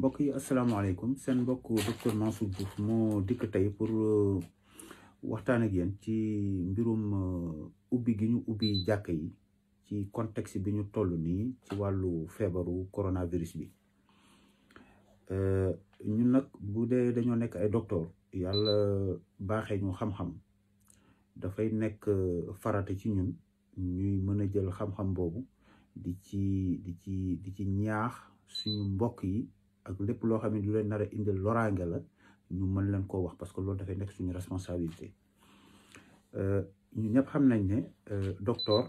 mbokk yi asalaamaaleykum seen mbokk docteur Mansour Diouf moo dikk tey pour euh, waxtaan ak yéen ci mbirum euh, ubbi gi ñu ubbi jàkk yi ci contexte bi ñu toll nii ci wàllu feebaru coronavirus bi euh, ñun nag bu dee dañoo nekk ay docteur yàlla baaxee ñu xam-xam dafay nekk farata ci ñun ñuy mën a jël xam-xam boobu di ci di ci di ci ñaax suñu mbokk yi ak lépp loo xam ne du leen nar indi indil loraange la ñu mën leen koo wax parce que loolu dafay nekk suñu responsabilité euh, ñu ñëpp xam nañ ne euh, docteur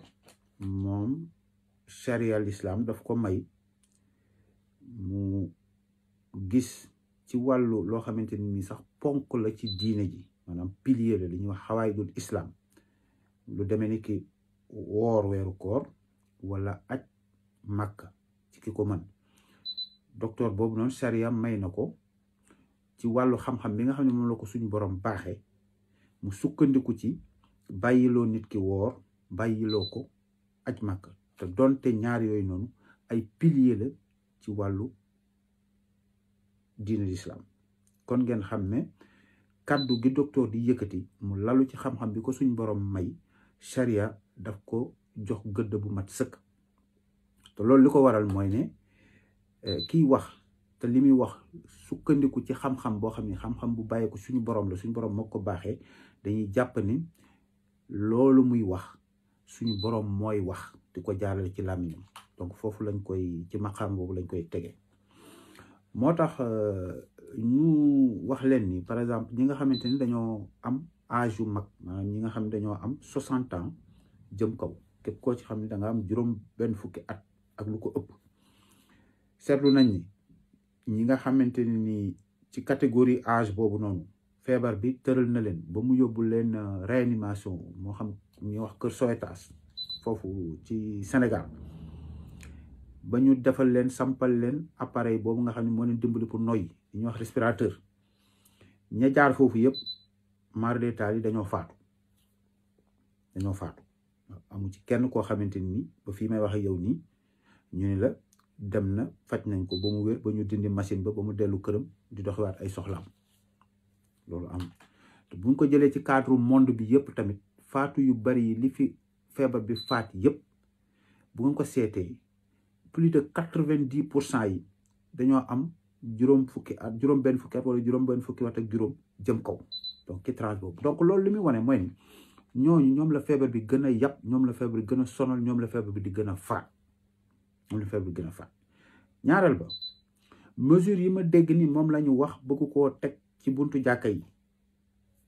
moom charia l'islam daf ko may mu gis ci wàllu loo xamante ni sax ponk la ci diine ji maanaam pilier la li ñuy wax xawaayidul islam lu demee ni ki woor weeru koor walla aj màkk ci ki ko mën docteur boobu noonu sariya may na ko ci wàllu xam-xam bi nga xam ne moom la ko suñu borom baaxee mu sukkandiku ci bàyyiloo nit ki woor bàyyiloo ko aj màkk te donte ñaar yooyu noonu ay pilier la ci wàllu diine l'islam kon ngeen xam ne kàddu gi docteur di yëkkati mu lalu ci xam-xam bi ko suñ borom may charia daf ko jox gëdd bu mat sëkk te loolu li ko waral mooy ne Euh, kiy wax te li muy wax sukkandiku ci xam-xam boo xam ne xam-xam bu bàyyi ko suñu borom la suñu borom moo ko baaxe dañuy jàpp ni loolu muy wax suñu borom mooy wax di ko jaarale ci làmmiñam donc foofu lañ koy ci maqaam boobu lañ koy tege moo tax euh, ñu wax leen ni par exemple ñi nga xamante ni dañoo am âge yu mag ñi nga xam ne dañoo am soixante ans jëm kaw képp koo ci xam ne da nga am juróom benn fukki at ak lu ko ëpp seetlu nañ ni ñi nga xamante ne ni ci catégorie âge boobu noonu feebar bi tëral na leen ba mu yóbbu leen euh, réanimation moo xam ñuy wax kër Sowetas foofu ci Sénégal ba ñu defal leen sampal leen appareil boobu nga xam ne moo leen dimbali pour noyyi li ñuy wax respirateur ña jaar foofu yëpp maar de taal yi dañoo faatu dañoo faatu amu ci kenn koo xamante ni ba fii may wax yow nii ñu ne la. dem na faj nañ ko ba mu wér ba ñu dindi machine ba ba mu dellu këram di dox doxiwaat ay soxlaam loolu am te buñ ko jëlee ci cadre monde bi yëpp tamit faatu yu bari yi li fi feebar bi faat yëpp bu ngeen ko seetee plus de quatre vingt pour cent yi dañoo am juróom fukki at juróom benn fukki at wala juróom benn fukki at ak juróom jëm kaw donc kitrage boobu donc loolu li muy wane mooy ni ñooñu ñoom la feebar bi gën a yàpp ñoom la feebar bi gën a sonal ñoom la feebar bi di gën a faat mu lu bu gën a faat ñaareel ba mesure yi ma dégg nii moom la ñu wax bëggu koo teg ci buntu jàkka yi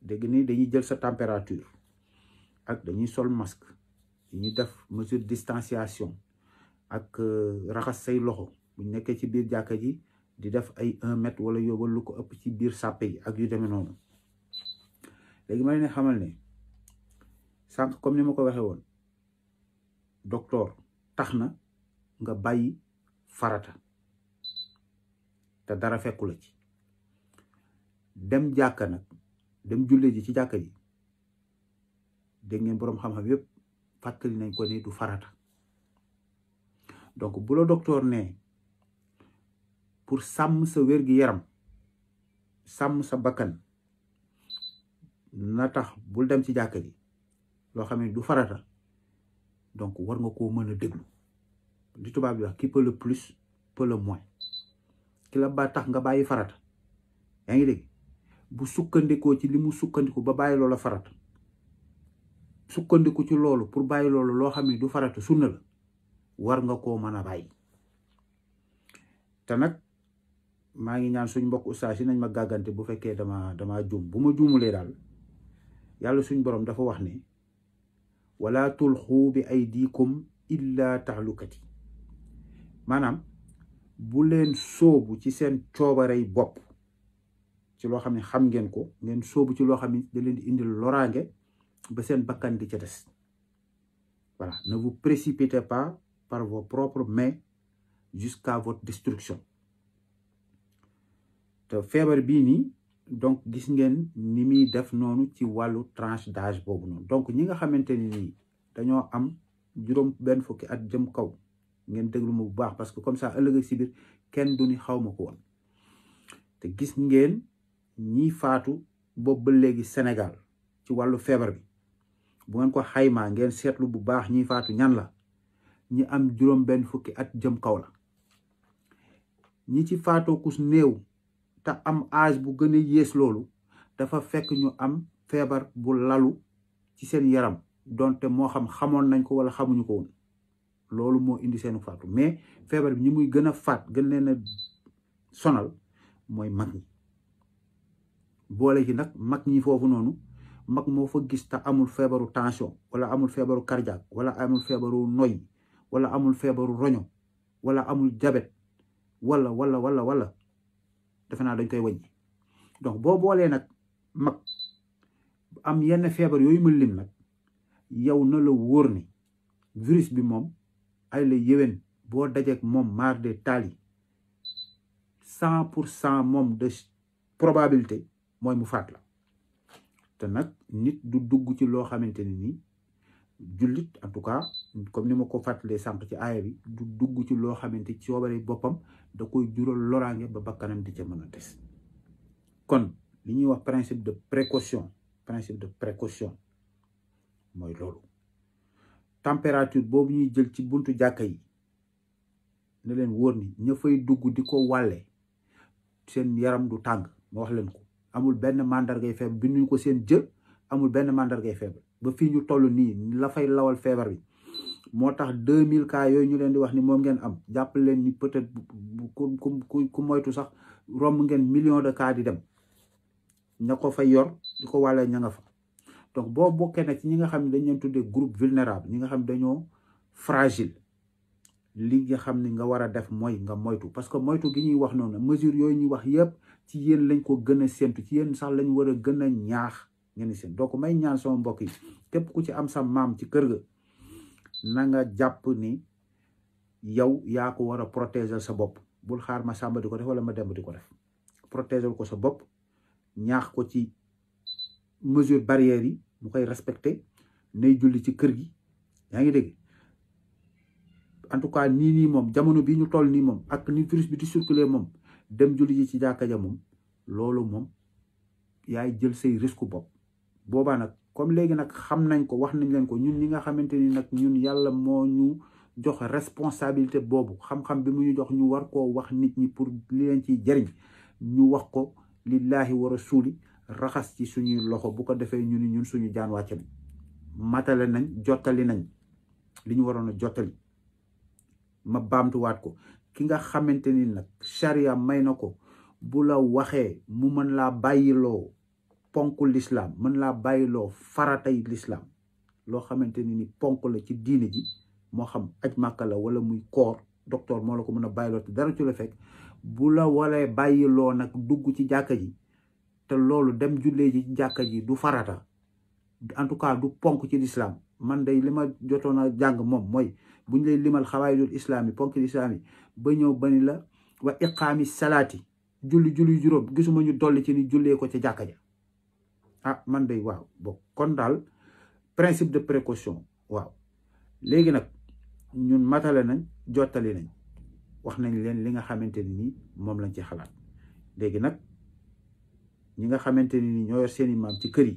dégg nii dañuy jël sa température ak dañuy sol masque ñu def mesure distanciation ak euh, raxas say loxo bu nekkee ci biir jàkka ji di def ay un mètre wala yóbbal lu ko ëpp ci biir sàppe yi ak yu demee noonu léegi ma leen xamal ne sànq comme ni ma ko waxee woon docteur tax na nga bàyyi farata te dara fekku la ci dem jàkka nag dem julle ji ci jàkka ji dégg ngeen boroom xam-xam yëpp fàttali nañ ko ni du farata donc bu la docteur pour sàmm sa wér yaram sàmm sa bakkan na tax bul dem ci jàkka ji loo xam du farata donc war nga koo mën a déglu di tubaab bi wax qui peut le plus peut le moins ki ba tax nga bàyyi farata yaa ngi dégg bu sukkandikoo ci li mu sukkandiku ba bàyyi loola sukkandiku ci loolu pour bàyyi loo xam ne du faratu sunna la war nga koo mën a bàyyi te nag maa ngi ñaan suñ mbokk ustaas yi nañ ma gàggante bu fekkee dama dama juum bu ma juumulee daal yàlla suñ borom dafa wax ne wala tulxu bi aydikum illa taxlukati maanaam bu leen soobu ci seen coobaray bopp ci loo xam ne xam ngeen ko ngeen soobu ci loo xam ne da leen di indil loraange ba seen bakkan gi ca des voilà ne vous précipitez pas par vos propres mais jusqu'à votre destruction te feebar bii nii donc gis ngeen ni muy def noonu ci wàllu tranche d'âge boobu noonu donc ñi nga xamante ni nii dañoo am juróom benn fukki ak jëm kaw ngeen déglu ma bu baax parce que comme ça ëllëg si biir kenn du ni xawma ko woon te gis ngeen ñii faatu boobu ba léegi Sénégal ci wàllu feebar bi bu ngeen ko xaymaa ngeen seetlu bu baax ñi faatu ñan la ñi am juróom benn fukki at jëm kaw la ñi ci faatoo kus néew te am âge bu gën a yées loolu dafa fekk ñu am feebar bu lalu ci seen yaram donte moo xam xamoon nañ ko wala xamuñu ko woon loolu moo indi seenu faatu mais feebar bi ñu muy gën a faat gën leen a sonal mooy mag ñi boole ci nag mag ñi foofu noonu mag moo fa gis te amul feebaru tension wala amul feebaru cardiaque wala amul feebaru noy wala amul feebaru roño wala amul jabet wala walla wala wala defe naa dañ koy wàññi donc boo boolee nag mag am yenn feebar yooyu ma lim nag yow na la wóor ni virus bi moom ay la yéwén boo dajeeg moom maar de taal yi cent pour cent moom de probabilité mooy mu faat la te nag nit du dugg ci loo xamante ni nii jullit en tout cas comme ni ma ko fàttalee sànq ci aaya bi du dugg ci loo xamante ci soobare boppam da koy jural loraange ba bakkanam di ca mën a des kon li ñuy wax principe de précaution principe de précaution mooy loolu température boobu ñuy jël ci buntu jàkka yi ne leen wóor ni ña fay dugg di ko wàlle seen yaram du tàng ma wax leen ko amul benn màndarga feebar bi nuñ ko seen jë amul benn mandargay feebar ba fii ñu toll nii la fay lawal feebar bi moo tax deux mille cas yooyu ñu leen di wax ni moom ngeen am jàpp leen ni peut-être ku ku ku moytu sax romb ngeen million de cas di dem ña ko fay yor di ko wàllee ña nga fa donc boo bokkee nag ci ñi nga xam ne dañ leen tuddee groupe vulnérable ñi nga xam ne dañoo fragile li nga xam ne nga war a def mooy nga moytu parce que moytu gi ñuy wax noonu mesure yooyu ñuy wax yëpp ci yéen lañ ko gën a séntu ci yéen sax lañ war a gën a ñaax ngeen seen donc may ñaan sama mbokk yi képp ku ci am sa maam ci kër ga na nga jàpp ni yow yaa ko war a protéger sa bopp bul xaar ma sàmba ko def wala ma dembati di ko def protéger ko sa bopp ñaax ko ci mesures barrières yi mu koy respecté nay julli ci kër gi yaa ngi dégg en tout cas nii nii moom jamono bi ñu toll nii moom ak ni virus bi di circuler moom dem julli ji ci jàkka ja moom loolu moom yaay jël say risque bopp boobaa nag comme léegi nag xam nañ ko wax nañ leen ko ñun ñi nga xamante ni nag ñun yàlla moo ñu jox responsabilité boobu xam-xam bi mu ñu jox ñu war koo wax nit ñi pour li leen ciy jëriñ ñu wax ko lillahi wa suuli raxas ci suñuy loxo bu ko defee ñu ni ñun suñu jaan wàcc na matale nañ jottali nañ li ñu waroon a jottali ma baamtuwaat ko ki nga xamante ni nag charia may na ko bu la waxee mu mën laa bàyyiloo ponk lislaam mën laa bàyyiloo faratay lislaam loo xamante ni ni ponk la ci diine ji moo xam aj màkka la wala muy koor docteur moo la ko mën a bàyyiloo te dara ci la fekk bu la walee bàyyiloo nag dugg ci jàkka ji te loolu dem jullee ji jàkka ji du farata en tout cas du ponk ci lislaam man day li ma jotoon a jàng moom mooy buñ lay limal xawaayidul islaam yi ponk lislaam yi ba ñëw ba ni la wa iqaami salaati julli julli juróom gisuma ñu dolli ci ni jullee ko ca jàkka ja ah man day waaw bon kon daal principe de précaution waaw léegi nag ñun matale nañ jottali nañ wax nañ leen li nga xamante ni moom lañ ci xalaat léegi nag ñi nga xamante ni ñoo yor seeni maam ci kër yi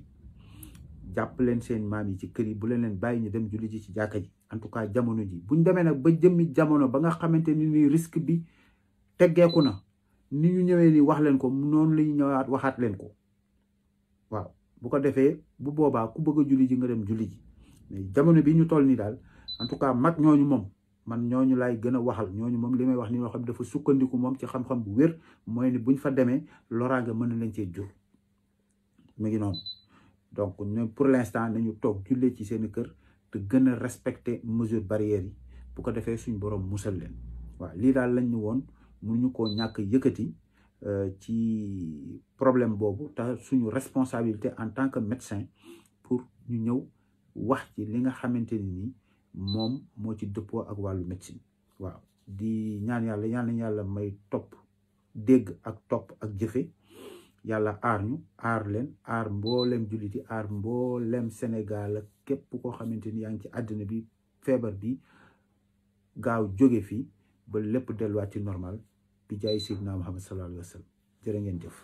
jàpp leen seen maam yi ci kër yi bu leen leen bàyyi ñu dem julli ji ci jàkka ji en tout cas jamono ji buñ demee nag ba jëmmi jamono ba nga xamante ni ni risque bi teggeeku na ni ñu ñëwee ni wax leen ko noonu lañu ñëwaat waxaat leen ko waaw bu ko defee bu boobaa ku bëgg a julli ji nga dem julli ji mais jamono bi ñu toll nii daal en tout cas mag ñooñu moom man ñooñu laay gën a waxal ñooñu moom li may wax ni loo xam dafa sukkandiku moom ci xam-xam bu wér mooy ni buñ fa demee loraange mën na lañ cee jur mu ngi noonu donc ñoom pour l'instant nañu toog jullee ci seen kër te gën a respecter mesure bariere yi bu ko defee suñu borom musal leen waaw lii daal lañ ñu woon mënuñu koo ñàkk yëkkati euh, ci problème boobu te suñu responsabilité en tant que médecin pour ñu ñëw wax ci li nga xamante ni nii moom moo ci dëppoo ak wàllu médecine waaw di ñaan yàlla ñaan yàlla may topp dégg ak topp ak jëfe yàlla aar ñu aar leen aar mboolem julliti aar mboolem Sénégal ak képp koo xamante ni yaa ngi ci àddina bi feebar bi gaaw jóge fii ba lépp delluwaat ci normal bi jaay Seydina Muhammad sallallahu alayhi wa sallam ngeen jëf